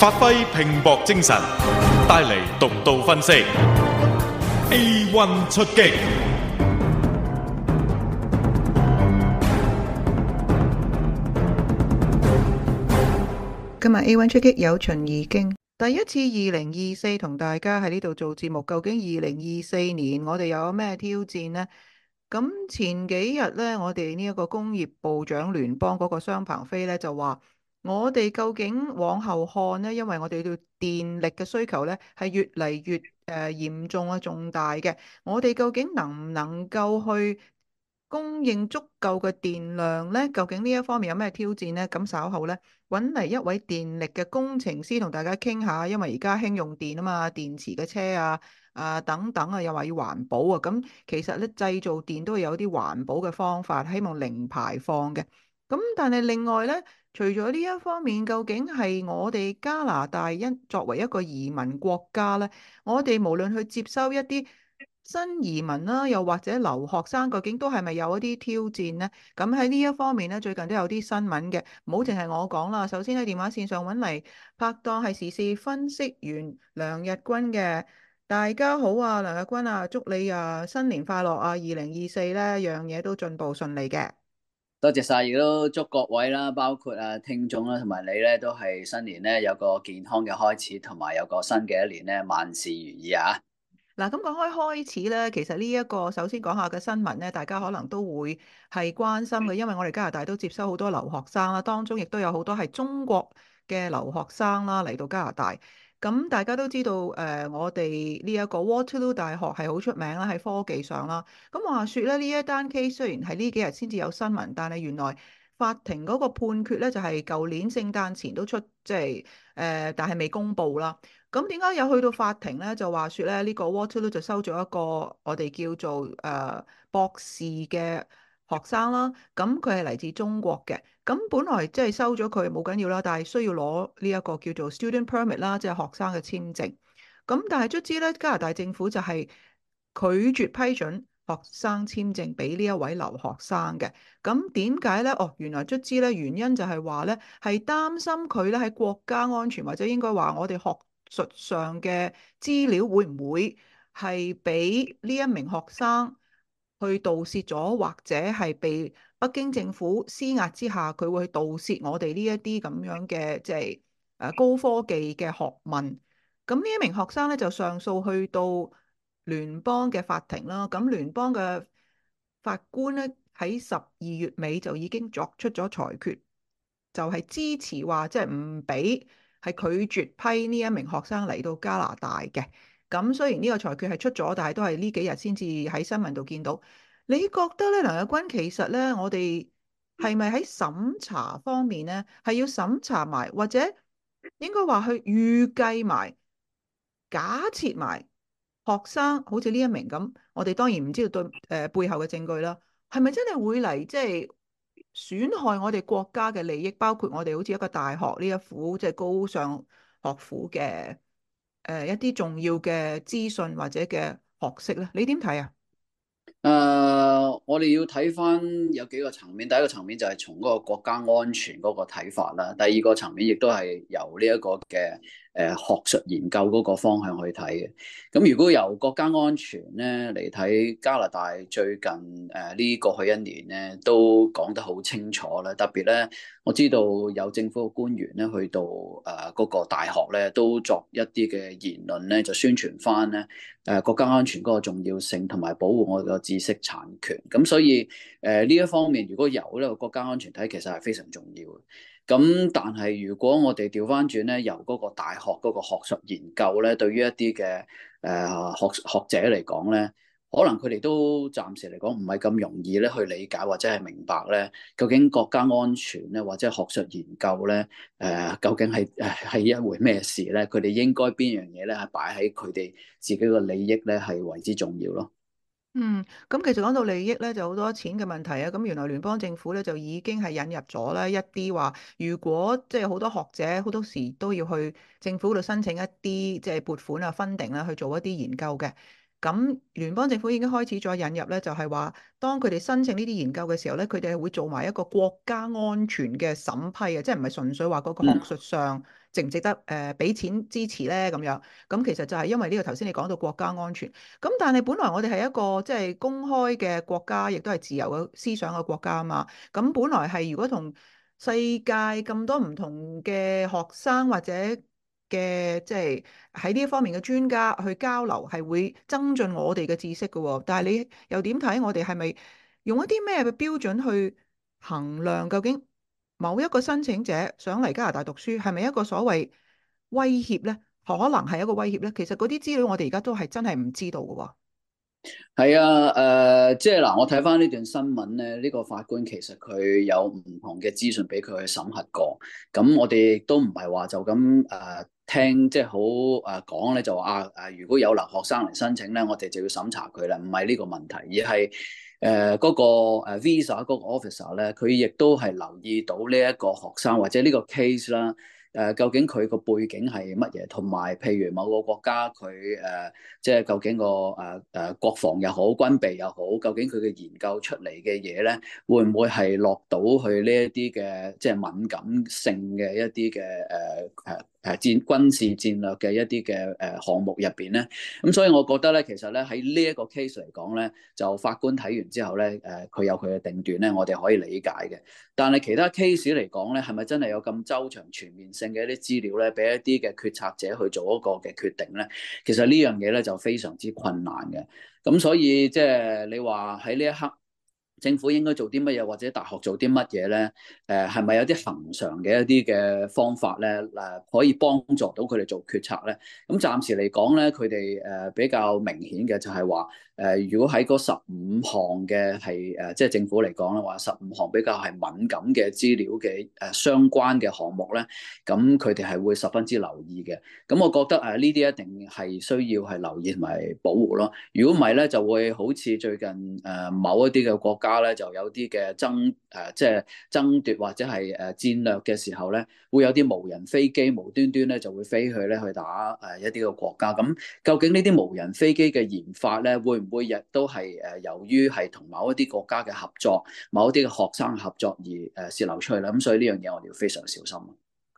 發揮拼搏精神，帶嚟獨到分析。A one 出擊，今日 A one 出擊有秦怡敬第一次二零二四同大家喺呢度做節目，究竟二零二四年我哋有咩挑戰呢？咁前幾日呢，我哋呢一個工業部長聯邦嗰個商鵬飛呢，就話。我哋究竟往後看咧，因為我哋對電力嘅需求咧係越嚟越誒嚴重啊，重大嘅。我哋究竟能唔能夠去供應足夠嘅電量咧？究竟呢一方面有咩挑戰咧？咁稍後咧搵嚟一位電力嘅工程師同大家傾下，因為而家興用電啊嘛，電池嘅車啊啊等等啊，又話要環保啊。咁其實咧製造電都有啲環保嘅方法，希望零排放嘅。咁但係另外咧。除咗呢一方面，究竟係我哋加拿大一作為一個移民國家呢？我哋無論去接收一啲新移民啦、啊，又或者留學生，究竟都係咪有一啲挑戰呢？咁喺呢一方面咧，最近都有啲新聞嘅，唔好淨係我講啦。首先喺電話線上揾嚟拍檔係時事分析員梁日君嘅，大家好啊，梁日君啊，祝你啊新年快樂啊，二零二四咧樣嘢都進步順利嘅。多謝晒，亦都祝各位啦，包括啊聽眾啦，同埋你咧，都係新年咧有個健康嘅開始，同埋有個新嘅一年咧萬事如意啊！嗱、啊，咁講開開始咧，其實呢一個首先講下嘅新聞咧，大家可能都會係關心嘅，因為我哋加拿大都接收好多留學生啦，當中亦都有好多係中國嘅留學生啦嚟到加拿大。咁、嗯、大家都知道，誒、呃、我哋呢一個 Waterloo 大學係好出名啦，喺科技上啦。咁、嗯、話說咧，呢一單 case 雖然係呢幾日先至有新聞，但係原來法庭嗰個判決咧就係、是、舊年聖誕前都出，即係誒、呃，但係未公佈啦。咁點解有去到法庭咧？就話說咧，呢、這個 Waterloo 就收咗一個我哋叫做誒、呃、博士嘅。學生啦，咁佢係嚟自中國嘅，咁本來即係收咗佢冇緊要啦，但係需要攞呢一個叫做 student permit 啦，即係學生嘅簽證。咁但係卒之咧，加拿大政府就係拒絕批准學生簽證俾呢一位留學生嘅。咁點解咧？哦，原來卒之咧，原因就係話咧，係擔心佢咧喺國家安全或者應該話我哋學術上嘅資料會唔會係俾呢一名學生。去盜竊咗，或者係被北京政府施壓之下，佢會去盜竊我哋呢一啲咁樣嘅，即係誒高科技嘅學問。咁呢一名學生咧就上訴去到聯邦嘅法庭啦。咁聯邦嘅法官咧喺十二月尾就已經作出咗裁決，就係支持話，即係唔俾係拒絕批呢一名學生嚟到加拿大嘅。咁雖然呢個裁決係出咗，但係都係呢幾日先至喺新聞度見到。你覺得咧，梁家君其實咧，我哋係咪喺審查方面咧，係要審查埋，或者應該話去預計埋，假設埋學生好似呢一名咁，我哋當然唔知道對誒背後嘅證據啦，係咪真係會嚟即係損害我哋國家嘅利益，包括我哋好似一個大學呢一府即係高尚學府嘅誒一啲重要嘅資訊或者嘅學識咧，你點睇啊？誒，我哋要睇返有幾個層面，第一個層面就係從嗰個國家安全嗰個睇法啦，第二個層面亦都係由呢一個嘅。誒，學術研究嗰個方向去睇嘅，咁如果由國家安全咧嚟睇，加拿大最近誒呢過去一年咧都講得好清楚啦，特別咧我知道有政府嘅官員咧去到誒嗰、呃那個大學咧，都作一啲嘅言論咧，就宣傳翻咧誒國家安全嗰個重要性，同埋保護我哋嘅知識產權。咁所以誒呢、呃、一方面，如果有咧，國家安全睇其實係非常重要嘅。咁，但係如果我哋調翻轉咧，由嗰個大學嗰個學術研究咧，對於一啲嘅誒學學者嚟講咧，可能佢哋都暫時嚟講唔係咁容易咧去理解或者係明白咧，究竟國家安全咧或者學術研究咧誒、呃，究竟係係一回咩事咧？佢哋應該邊樣嘢咧係擺喺佢哋自己嘅利益咧係為之重要咯。嗯，咁其實講到利益咧，就好多錢嘅問題啊。咁原來聯邦政府咧就已經係引入咗咧一啲話，如果即係好多學者，好多時都要去政府度申請一啲即係撥款啊、分定啦、啊，去做一啲研究嘅。咁聯邦政府已經開始再引入咧，就係話當佢哋申請呢啲研究嘅時候咧，佢哋係會做埋一個國家安全嘅審批啊，即係唔係純粹話嗰個學術上值唔值得誒俾、呃、錢支持咧咁樣？咁其實就係因為呢、呢個頭先你講到國家安全。咁但係本來我哋係一個即係、就係、公開嘅國家，亦都係自由嘅思想嘅國家啊嘛。咁本來係如果同世界咁多唔同嘅學生或者，嘅即係喺呢一方面嘅專家去交流，係會增進我哋嘅知識嘅、哦。但係你又點睇？我哋係咪用一啲咩嘅標準去衡量？究竟某一個申請者想嚟加拿大讀書，係咪一個所謂威脅咧？可能係一個威脅咧？其實嗰啲資料我哋而家都係真係唔知道嘅、哦。喎，係啊，誒、呃，即係嗱，我睇翻呢段新聞咧，呢、這個法官其實佢有唔同嘅資訊俾佢去審核過。咁我哋亦都唔係話就咁誒。呃聽即係好誒講咧，就話啊誒，如果有留學生嚟申請咧，我哋就要審查佢啦，唔係呢個問題，而係誒嗰個 visa 嗰個 officer 咧，佢亦都係留意到呢一個學生或者呢個 case 啦。誒，究竟佢個背景係乜嘢？同埋，譬如某個國家佢誒、呃，即係究竟個誒誒、呃、國防又好、軍備又好，究竟佢嘅研究出嚟嘅嘢咧，會唔會係落到去呢一啲嘅即係敏感性嘅一啲嘅誒誒誒戰軍事戰略嘅一啲嘅誒項目入邊咧？咁、嗯、所以，我覺得咧，其實咧喺呢一個 case 嚟講咧，就法官睇完之後咧，誒、呃、佢有佢嘅定斷咧，我哋可以理解嘅。但係其他 case 嚟講咧，係咪真係有咁周詳全面性？嘅一啲資料咧，俾一啲嘅決策者去做一個嘅決定咧，其實呢樣嘢咧就非常之困難嘅。咁所以即係、就是、你話喺呢一刻，政府應該做啲乜嘢，或者大學做啲乜嘢咧？誒、呃，係咪有啲恒常嘅一啲嘅方法咧？嗱、呃，可以幫助到佢哋做決策咧。咁、嗯、暫時嚟講咧，佢哋誒比較明顯嘅就係話誒，如果喺嗰十五項嘅係誒，即、呃、係、就是、政府嚟講咧，或者十五項比較係敏感嘅資料嘅誒、呃、相關嘅項目咧，咁佢哋係會十分之留意嘅。咁、嗯、我覺得誒呢啲一定係需要係留意同埋保護咯。如果唔係咧，就會好似最近誒、呃、某一啲嘅國家。家咧就有啲嘅爭誒，即、呃、係爭奪或者係誒戰略嘅時候咧，會有啲無人飛機無端端咧就會飛去咧去打誒一啲嘅國家。咁究竟呢啲無人飛機嘅研發咧，會唔會亦都係誒由於係同某一啲國家嘅合作、某一啲嘅學生合作而誒洩漏出去啦？咁所以呢樣嘢我哋要非常小心。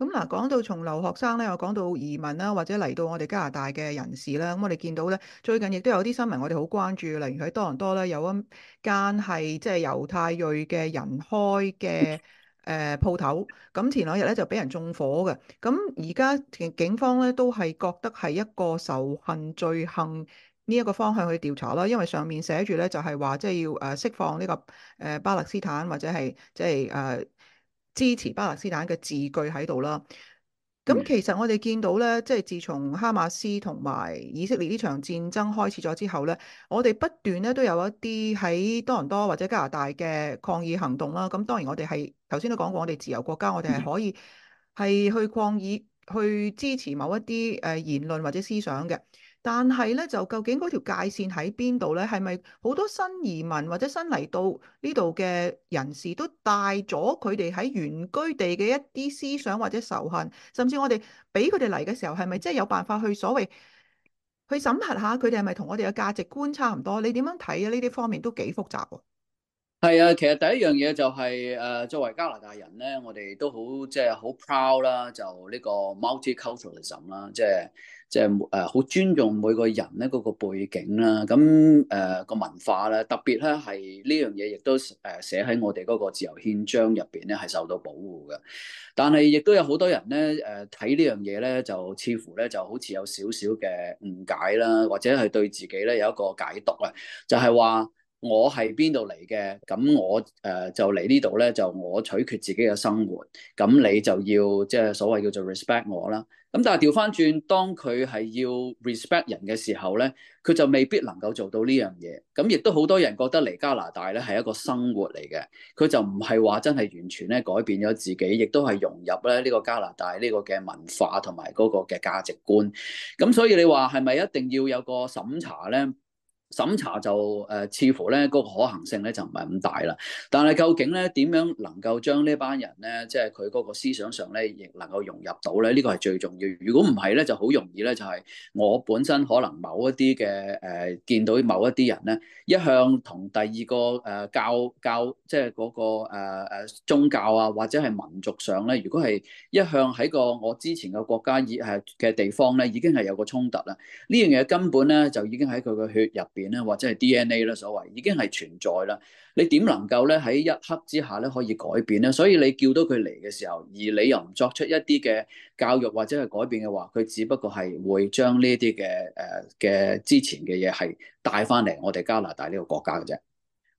咁嗱，講到從留學生咧，又講到移民啦，或者嚟到我哋加拿大嘅人士啦，咁、嗯、我哋見到咧，最近亦都有啲新聞，我哋好關注嘅，例如喺多倫多咧，有一間係即係猶太裔嘅人開嘅誒鋪頭，咁、嗯、前兩日咧就俾人縱火嘅，咁而家警方咧都係覺得係一個仇恨罪行呢一個方向去調查啦，因為上面寫住咧就係話即係要誒釋放呢個誒巴勒斯坦或者係即係誒。就是呃支持巴勒斯坦嘅字句喺度啦，咁其實我哋見到咧，即係自從哈馬斯同埋以色列呢場戰爭開始咗之後咧，我哋不斷咧都有一啲喺多倫多或者加拿大嘅抗議行動啦。咁當然我哋係頭先都講過，我哋自由國家，我哋係可以係去抗議、去支持某一啲誒言論或者思想嘅。但係咧，就究竟嗰條界線喺邊度咧？係咪好多新移民或者新嚟到呢度嘅人士都帶咗佢哋喺原居地嘅一啲思想或者仇恨？甚至我哋俾佢哋嚟嘅時候，係咪即係有辦法去所謂去審核下佢哋係咪同我哋嘅價值觀差唔多？你點樣睇啊？呢啲方面都幾複雜喎。係啊，其實第一樣嘢就係、是、誒、呃，作為加拿大人咧，我哋都好即係好 proud 啦，就呢、是、個 multiculturalism 啦、就是，即係即係誒，好、呃、尊重每個人咧嗰個背景啦，咁誒個文化咧，特別咧係呢樣嘢，亦都誒寫喺我哋嗰個自由憲章入邊咧，係受到保護嘅。但係亦都有好多人咧，誒、呃、睇呢樣嘢咧，就似乎咧就好似有少少嘅誤解啦，或者係對自己咧有一個解讀啊，就係、是、話。我係邊度嚟嘅？咁我誒就嚟呢度咧，就我取決自己嘅生活。咁你就要即係、就是、所謂叫做 respect 我啦。咁但係調翻轉，當佢係要 respect 人嘅時候咧，佢就未必能夠做到呢樣嘢。咁亦都好多人覺得嚟加拿大咧係一個生活嚟嘅，佢就唔係話真係完全咧改變咗自己，亦都係融入咧呢個加拿大呢個嘅文化同埋嗰個嘅價值觀。咁所以你話係咪一定要有個審查咧？審查就誒、呃，似乎咧嗰、那個可行性咧就唔係咁大啦。但係究竟咧點樣能夠將呢班人咧，即係佢嗰個思想上咧，亦能夠融入到咧？呢、這個係最重要。如果唔係咧，就好容易咧，就係、是、我本身可能某一啲嘅誒，見到某一啲人咧，一向同第二個誒、呃、教教，即係嗰、那個誒、呃、宗教啊，或者係民族上咧，如果係一向喺個我之前嘅國家以係嘅、啊、地方咧，已經係有個衝突啦。呢樣嘢根本咧，就已經喺佢嘅血入邊。或者係 DNA 啦，所謂已經係存在啦。你點能夠咧喺一刻之下咧，可以改變咧？所以你叫到佢嚟嘅時候，而你又唔作出一啲嘅教育或者係改變嘅話，佢只不過係會將呢啲嘅誒嘅之前嘅嘢係帶翻嚟我哋加拿大呢個國家嘅啫。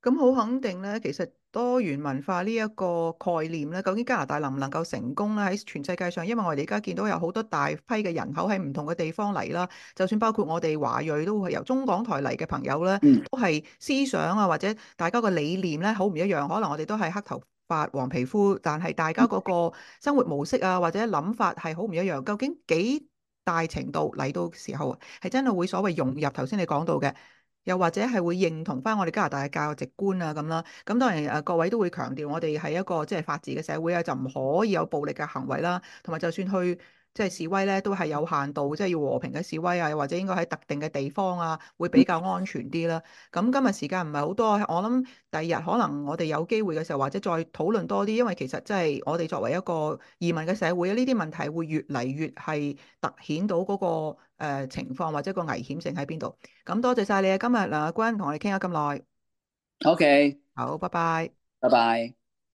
咁好肯定咧，其實多元文化呢一個概念咧，究竟加拿大能唔能夠成功咧？喺全世界上，因為我哋而家見到有好多大批嘅人口喺唔同嘅地方嚟啦。就算包括我哋華裔，都會由中港台嚟嘅朋友咧，都係思想啊，或者大家個理念咧，好唔一樣。可能我哋都係黑頭髮、黃皮膚，但係大家嗰個生活模式啊，或者諗法係好唔一樣。究竟幾大程度嚟到時候，係真係會所謂融入？頭先你講到嘅。又或者係會認同翻我哋加拿大嘅價值觀啊咁啦，咁當然誒各位都會強調我哋係一個即係法治嘅社會啊，就唔可以有暴力嘅行為啦，同埋就算去。即係示威咧，都係有限度，即係要和平嘅示威啊，或者應該喺特定嘅地方啊，會比較安全啲啦。咁、嗯、今日時間唔係好多，我諗第二日可能我哋有機會嘅時候，或者再討論多啲，因為其實即係我哋作為一個移民嘅社會，呢啲問題會越嚟越係突顯到嗰個誒情況或者個危險性喺邊度。咁多謝晒你啊，今日梁阿君同我哋傾咗咁耐。OK，好，拜拜。拜拜。